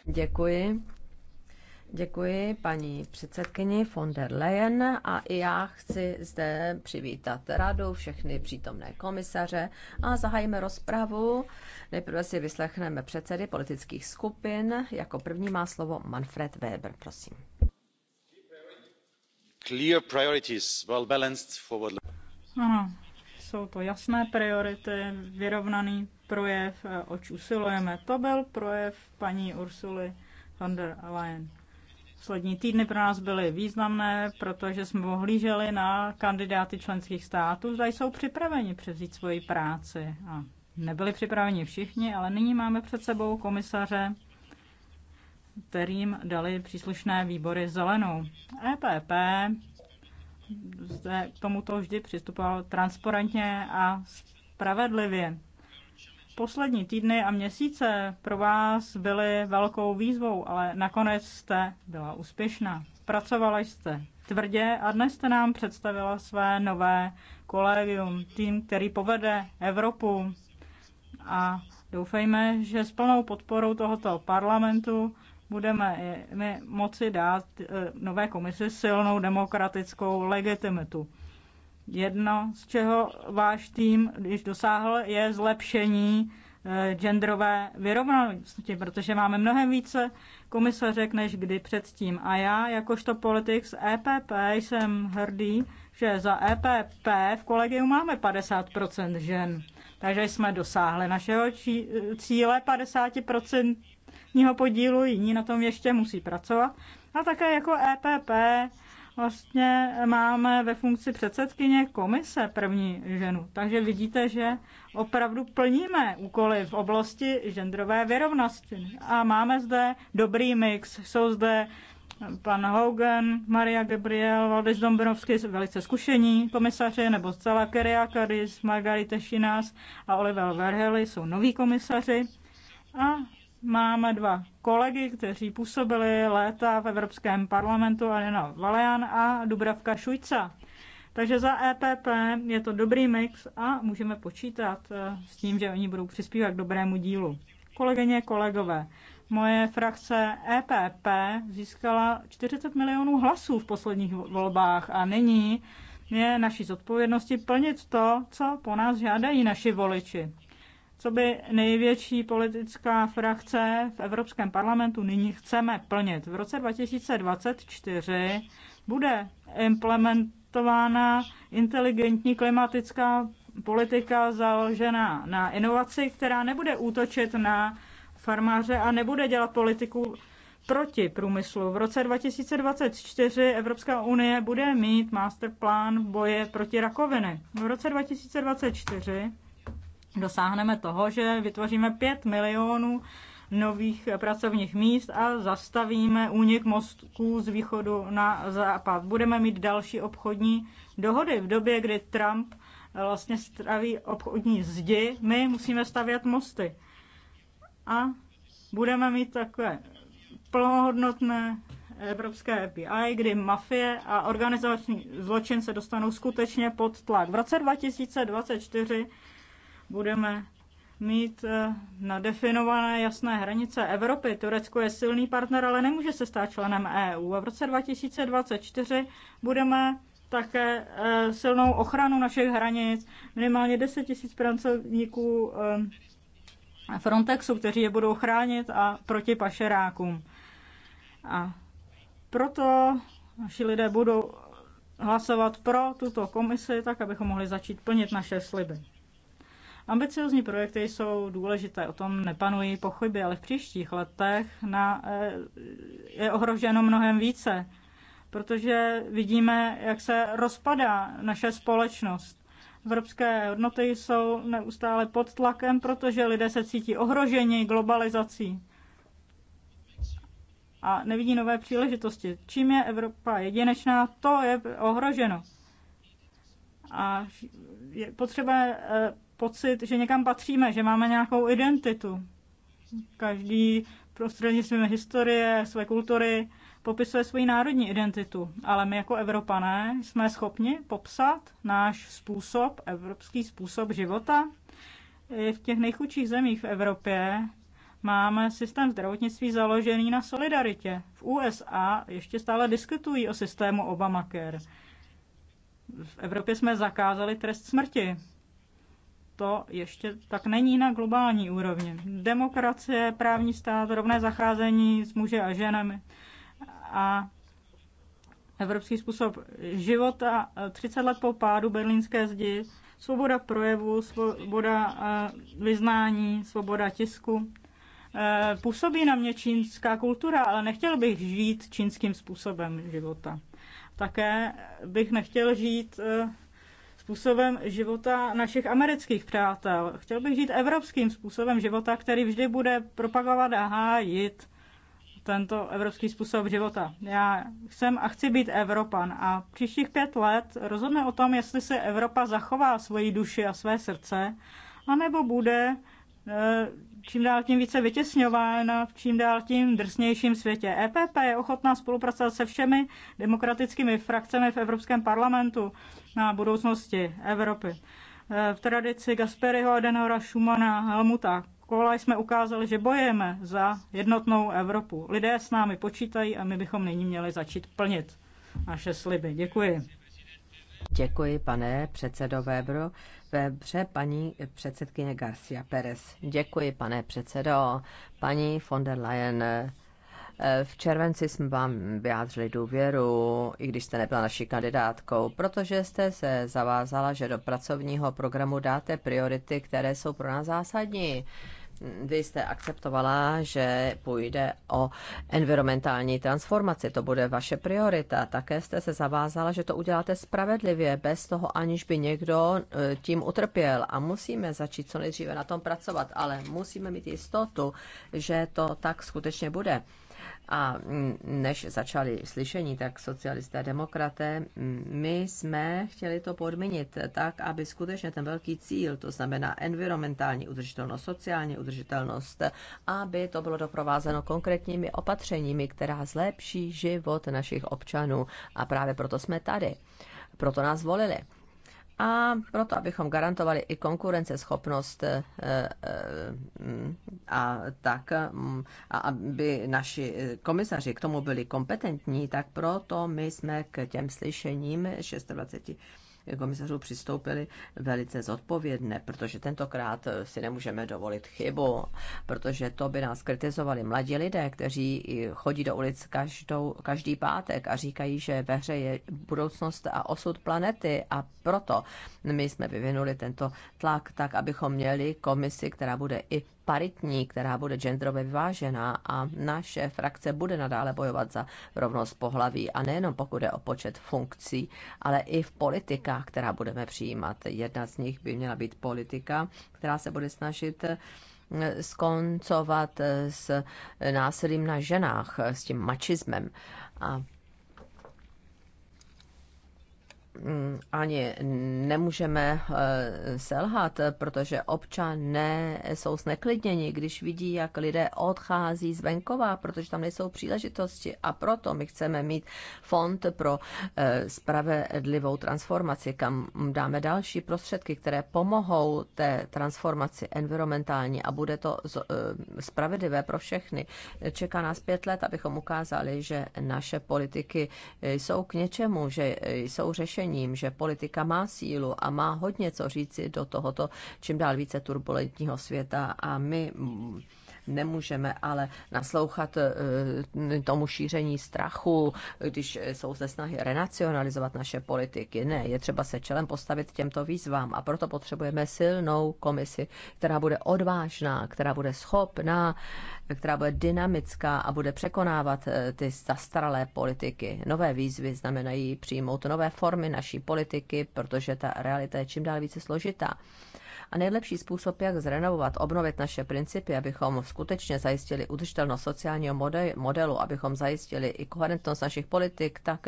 Děkuji. Děkuji paní předsedkyni von der Leyen a i já chci zde přivítat radu, všechny přítomné komisaře a zahájíme rozpravu. Nejprve si vyslechneme předsedy politických skupin. Jako první má slovo Manfred Weber, prosím. Clear priorities, well balanced forward. Ano, jsou to jasné priority, vyrovnaný projev, eh, oč usilujeme. To byl projev paní Ursuly von der Leyen. Poslední týdny pro nás byly významné, protože jsme ohlíželi na kandidáty členských států, zda jsou připraveni převzít svoji práci. A nebyli připraveni všichni, ale nyní máme před sebou komisaře, kterým dali příslušné výbory zelenou. EPP zde k tomuto vždy přistupoval transparentně a spravedlivě. Poslední týdny a měsíce pro vás byly velkou výzvou, ale nakonec jste byla úspěšná. Pracovala jste tvrdě a dnes jste nám představila své nové kolegium, tým, který povede Evropu. A doufejme, že s plnou podporou tohoto parlamentu budeme my moci dát eh, nové komisi silnou demokratickou legitimitu. Jedno, z čeho váš tým když dosáhl, je zlepšení eh, genderové vyrovnanosti, protože máme mnohem více komisařek než kdy předtím. A já, jakožto politik z EPP, jsem hrdý, že za EPP v kolegiu máme 50% žen. Takže jsme dosáhli našeho cíle 50% vlastního podílu, jiní na tom ještě musí pracovat. A také jako EPP vlastně máme ve funkci předsedkyně komise první ženu. Takže vidíte, že opravdu plníme úkoly v oblasti genderové vyrovnosti. A máme zde dobrý mix. Jsou zde pan Hogan, Maria Gabriel, Valdis Dombrovský, velice zkušení komisaři, nebo zcela Keriakadis, Margarita Šinás a Oliver Verhely jsou noví komisaři. A Máme dva kolegy, kteří působili léta v Evropském parlamentu, Alina Valean a Dubravka Šujca. Takže za EPP je to dobrý mix a můžeme počítat eh, s tím, že oni budou přispívat k dobrému dílu. Kolegyně, kolegové, moje frakce EPP získala 40 milionů hlasů v posledních volbách a nyní je naší zodpovědnosti plnit to, co po nás žádají naši voliči co by největší politická frakce v Evropském parlamentu nyní chceme plnit. V roce 2024 bude implementována inteligentní klimatická politika založená na inovaci, která nebude útočit na farmáře a nebude dělat politiku proti průmyslu. V roce 2024 Evropská unie bude mít masterplán boje proti rakoviny. V roce 2024 dosáhneme toho, že vytvoříme 5 milionů nových pracovních míst a zastavíme únik mostků z východu na západ. Budeme mít další obchodní dohody v době, kdy Trump eh, vlastně staví obchodní zdi, my musíme stavět mosty. A budeme mít takové plnohodnotné evropské FBI, kdy mafie a organizační zločin se dostanou skutečně pod tlak. V roce 2024 budeme mít eh, nadefinované jasné hranice Evropy. Turecko je silný partner, ale nemůže se stát členem EU. A v roce 2024 budeme také eh, silnou ochranu našich hranic, minimálně 10 000 pracovníků eh, Frontexu, kteří je budou chránit a proti pašerákům. A proto naši lidé budou hlasovat pro tuto komisi, tak abychom mohli začít plnit naše sliby. Ambiciozní projekty jsou důležité, o tom nepanují pochyby, ale v příštích letech na, eh, je ohroženo mnohem více, protože vidíme, jak se rozpadá naše společnost. Evropské hodnoty jsou neustále pod tlakem, protože lidé se cítí ohroženi globalizací a nevidí nové příležitosti. Čím je Evropa jedinečná, to je ohroženo. A je potřeba eh, pocit, že někam patříme, že máme nějakou identitu. Každý prostřednictvím historie, své kultury popisuje svoji národní identitu, ale my jako Evropané jsme schopni popsat náš způsob, evropský způsob života. I v těch nejchudších zemích v Evropě máme systém zdravotnictví založený na solidaritě. V USA ještě stále diskutují o systému Obamacare. V Evropě jsme zakázali trest smrti to ještě tak není na globální úrovni. Demokracie, právní stát, rovné zacházení s muži a ženami a evropský způsob života 30 let po pádu berlínské zdi, svoboda projevu, svoboda eh, vyznání, svoboda tisku. Eh, působí na mě čínská kultura, ale nechtěl bych žít čínským způsobem života. Také bych nechtěl žít eh, způsobem života našich amerických přátel. Chtěl bych žít evropským způsobem života, který vždy bude propagovat a hájit tento evropský způsob života. Já jsem a chci být Evropan a příštích pět let rozhodne o tom, jestli se Evropa zachová svoji duši a své srdce, anebo bude eh, čím dál tím více vytěsňována v čím dál tím drsnějším světě. EPP je ochotná spolupracovat se všemi demokratickými frakcemi v Evropském parlamentu na budoucnosti Evropy. E, v tradici Gasperiho, Adenora, Schumana, Helmuta Kola jsme ukázali, že bojujeme za jednotnou Evropu. Lidé s námi počítají a my bychom nyní měli začít plnit naše sliby. Děkuji. Děkuji, pane předsedo Webro. Webře, paní předsedkyně Garcia Perez. Děkuji, pane předsedo. Paní von der Leyen, v červenci jsme vám vyjádřili důvěru, i když jste nebyla naší kandidátkou, protože jste se zavázala, že do pracovního programu dáte priority, které jsou pro nás zásadní vy jste akceptovala, že půjde o environmentální transformaci. To bude vaše priorita. Také jste se zavázala, že to uděláte spravedlivě, bez toho aniž by někdo eh, tím utrpěl. A musíme začít co nejdříve na tom pracovat, ale musíme mít jistotu, že to tak skutečně bude. A než začali slyšení, tak socialisté a demokraté, my jsme chtěli to podmínit tak, aby skutečně ten velký cíl, to znamená environmentální udržitelnost, sociální udržitelnost, aby to bylo doprovázeno konkrétními opatřeními, která zlepší život našich občanů. A právě proto jsme tady. Proto nás volili. A proto, abychom garantovali i konkurenceschopnost eh, eh, a tak, mm, a aby naši eh, komisaři k tomu byli kompetentní, tak proto my jsme k těm slyšením 26 Eh, komisařů přistoupili velice zodpovědně, protože tentokrát eh, si nemůžeme dovolit chybu, protože to by nás kritizovali mladí lidé, kteří eh, chodí do ulic každou, každý pátek a říkají, že ve hře je budoucnost a osud planety a proto my jsme vyvinuli tento tlak tak, abychom měli komisi, která bude i paritní, která bude genderově vyvážená a naše frakce bude nadále bojovat za rovnost pohlaví a nejenom pokud je o počet funkcí, ale i v politikách, která budeme přijímat. Jedna z nich by měla být politika, která se bude snažit eh, skoncovat eh, s násilím na ženách, s tím mačismem. A Mm, ani nemůžeme eh, selhat, protože občané jsou zneklidněni, když vidí, jak lidé odchází z venkova, protože tam nejsou příležitosti a proto my chceme mít fond pro eh, spravedlivou transformaci, kam dáme další prostředky, které pomohou té transformaci environmentální a bude to eh, spravedlivé pro všechny. Čeká nás pět let, abychom ukázali, že naše politiky jsou k něčemu, že jsou řešení přesvědčením, že politika má sílu a má hodně co říci do tohoto čím dál více turbulentního světa a my nemůžeme ale naslouchat eh, tomu šíření strachu, když jsou zde snahy renacionalizovat naše politiky. Ne, je třeba se čelem postavit těmto výzvám a proto potřebujeme silnou komisi, která bude odvážná, která bude schopná, která bude dynamická a bude překonávat eh, ty zastaralé politiky. Nové výzvy znamenají přijmout nové formy naší politiky, protože ta realita je čím dál více složitá. A nejlepší způsob, jak zrenovovat, obnovit naše principy, abychom skutečně zajistili udržitelnost sociálního modelu, abychom zajistili i koherentnost našich politik, tak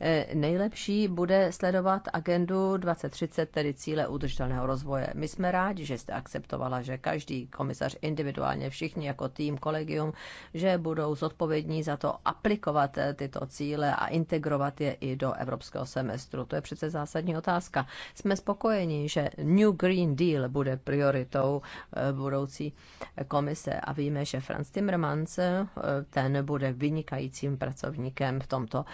Eh, nejlepší bude sledovat agendu 2030, tedy cíle udržitelného rozvoje. My jsme rádi, že jste akceptovala, že každý komisař individuálně, všichni jako tým, kolegium, že budou zodpovědní za to aplikovat eh, tyto cíle a integrovat je i do evropského semestru. To je přece zásadní otázka. Jsme spokojeni, že New Green Deal bude prioritou eh, budoucí komise a víme, že Franz Timmermans ten bude vynikajícím pracovníkem v tomto,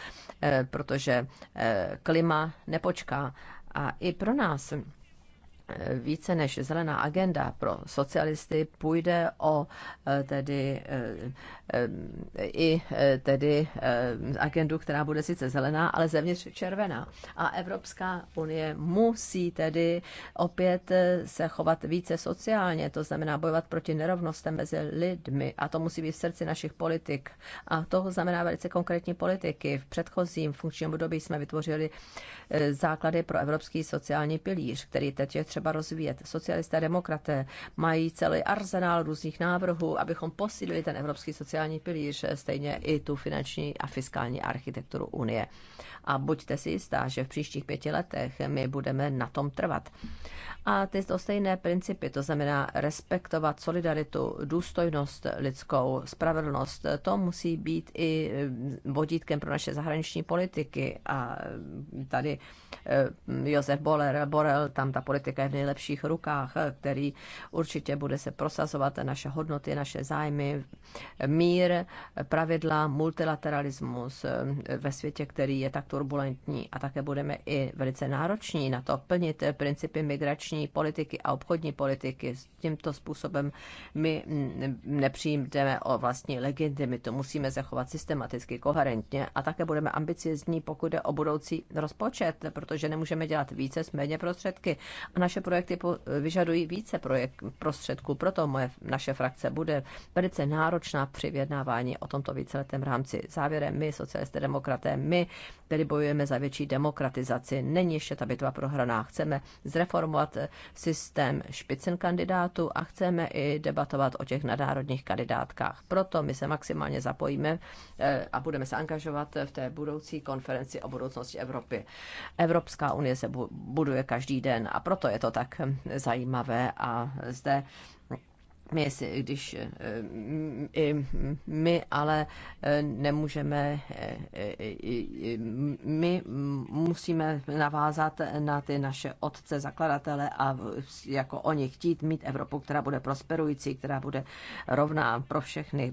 protože protože eh, klima nepočká. A i pro nás více než zelená agenda pro socialisty půjde o eh, tedy eh, eh, i tedy agendu, která bude sice zelená, ale zevnitř červená. A Evropská unie musí tedy opět se chovat více sociálně, to znamená bojovat proti nerovnostem mezi lidmi a to musí být v srdci našich politik. A to znamená velice konkrétní politiky. V předchozím funkčním období jsme vytvořili základy pro evropský sociální pilíř, který teď je třeba rozvíjet. Socialisté, demokraté mají celý arzenál různých návrhů, abychom posílili ten evropský sociální pilíř, stejně i tu finanční a fiskální architekturu Unie. A buďte si jistá, že v příštích pěti letech my budeme na tom trvat. A ty to stejné principy, to znamená respektovat solidaritu, důstojnost lidskou, spravedlnost, to musí být i e, vodítkem pro naše zahraniční politiky. A e, tady e, Josef Borel, tam ta politika v nejlepších rukách, který určitě bude se prosazovat naše hodnoty, naše zájmy, mír, pravidla, multilateralismus eh, ve světě, který je tak turbulentní a také budeme i velice nároční na to plnit principy migrační politiky a obchodní politiky. S tímto způsobem my mm, nepřijímeme o vlastní legitimitu. Musíme zachovat systematicky, koherentně a také budeme ambiciozní, pokud jde o budoucí rozpočet, protože nemůžeme dělat více s méně prostředky. A naše naše projekty vyžadují více projekt, prostředků, proto moje, naše frakce bude velice náročná při vyjednávání o tomto víceletém rámci. Závěrem my, socialisté demokraté, my tedy bojujeme za větší demokratizaci. Není ještě ta bitva prohraná. Chceme zreformovat eh, systém špicen kandidátů a chceme i debatovat o těch nadárodních kandidátkách. Proto my se maximálně zapojíme eh, a budeme se angažovat v té budoucí konferenci o budoucnosti Evropy. Evropská unie se buduje každý den a proto je to tak zajímavé a zde my, když eh, i my ale eh, nemůžeme, eh, my musíme navázat na ty naše otce, zakladatele a jako oni chtít mít Evropu, která bude prosperující, která bude rovná pro všechny,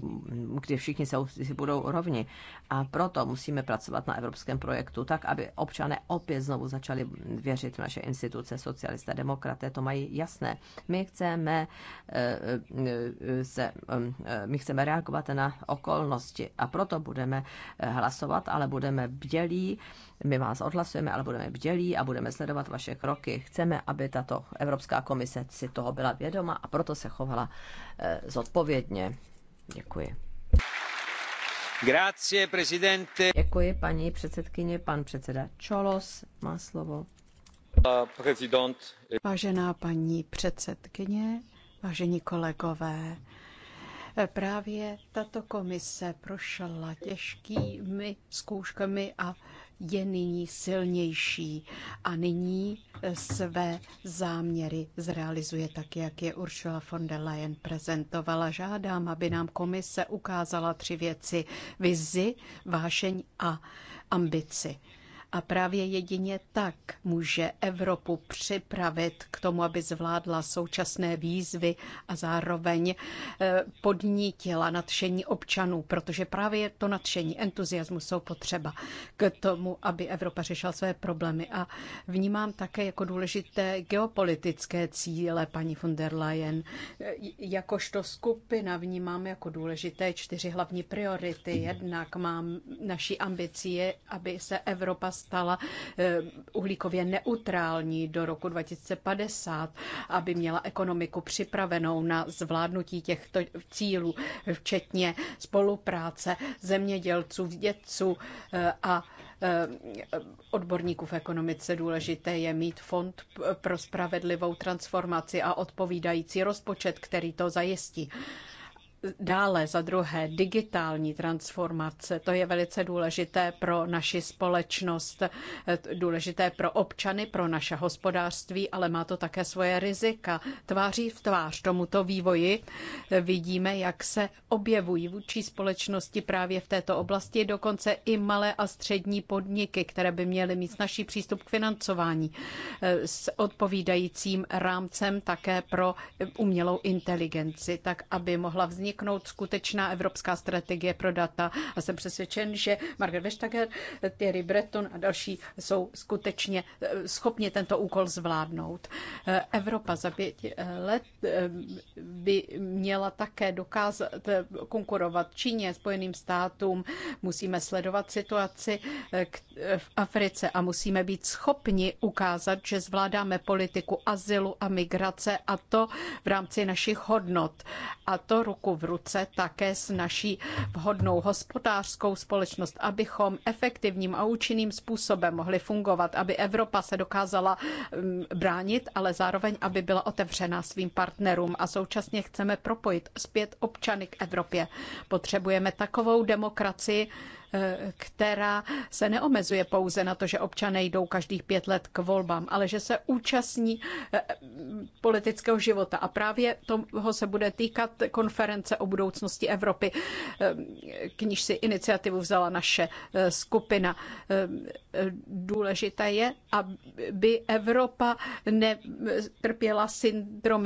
kdy všichni se budou rovni. A proto musíme pracovat na evropském projektu tak, aby občané opět znovu začali věřit v naše instituce, socialisté, demokraté, to mají jasné. My chceme se, um, eh, my chceme reagovat na okolnosti a proto budeme eh, hlasovat, ale budeme bdělí, my vás odhlasujeme, ale budeme bdělí a budeme sledovat vaše kroky. Chceme, aby tato Evropská komise si toho byla vědoma a proto se chovala eh, zodpovědně. Děkuji. Grazie, presidente. Děkuji, paní předsedkyně. Pan předseda Čolos má slovo. Vážená paní předsedkyně, Vážení kolegové, právě tato komise prošla těžkými zkouškami a je nyní silnější a nyní své záměry zrealizuje tak, jak je Ursula von der Leyen prezentovala. Žádám, aby nám komise ukázala tři věci. Vizi, vášeň a ambici. A právě jedině tak může Evropu připravit k tomu, aby zvládla současné výzvy a zároveň eh, podnítila nadšení občanů, protože právě to nadšení, entuziasmus jsou potřeba k tomu, aby Evropa řešila své problémy. A vnímám také jako důležité geopolitické cíle paní von der Leyen. Jakožto skupina vnímám jako důležité čtyři hlavní priority. Jednak mám naší ambici, aby se Evropa stala eh, uhlíkově neutrální do roku 2050, aby měla ekonomiku připravenou na zvládnutí těchto cílů, včetně spolupráce zemědělců, vědců eh, a eh, odborníků v ekonomice důležité je mít fond pro spravedlivou transformaci a odpovídající rozpočet, který to zajistí. Dále za druhé digitální transformace. To je velice důležité pro naši společnost, důležité pro občany, pro naše hospodářství, ale má to také svoje rizika. Tváří v tvář tomuto vývoji vidíme, jak se objevují vůči společnosti právě v této oblasti, dokonce i malé a střední podniky, které by měly mít naší přístup k financování s odpovídajícím rámcem také pro umělou inteligenci, tak aby mohla vzniknout vzniknout skutečná evropská strategie pro data. A jsem přesvědčen, že Margaret Vestager, Thierry Breton a další jsou skutečně eh, schopni tento úkol zvládnout. Eh, Evropa za pět eh, let by měla také dokázat konkurovat Číně, Spojeným státům. Musíme sledovat situaci v Africe a musíme být schopni ukázat, že zvládáme politiku azylu a migrace a to v rámci našich hodnot. A to ruku v ruce také s naší vhodnou hospodářskou společnost, abychom efektivním a účinným způsobem mohli fungovat, aby Evropa se dokázala mm, bránit, ale zároveň, aby byla otevřená svým partnerům a současně chceme propojit zpět občany k Evropě. Potřebujeme takovou demokracii, která se neomezuje pouze na to, že občané jdou každých pět let k volbám, ale že se účastní eh, politického života. A právě toho se bude týkat konference o budoucnosti Evropy, eh, k níž si iniciativu vzala naše eh, skupina. Důležité je, aby Evropa netrpěla syndromem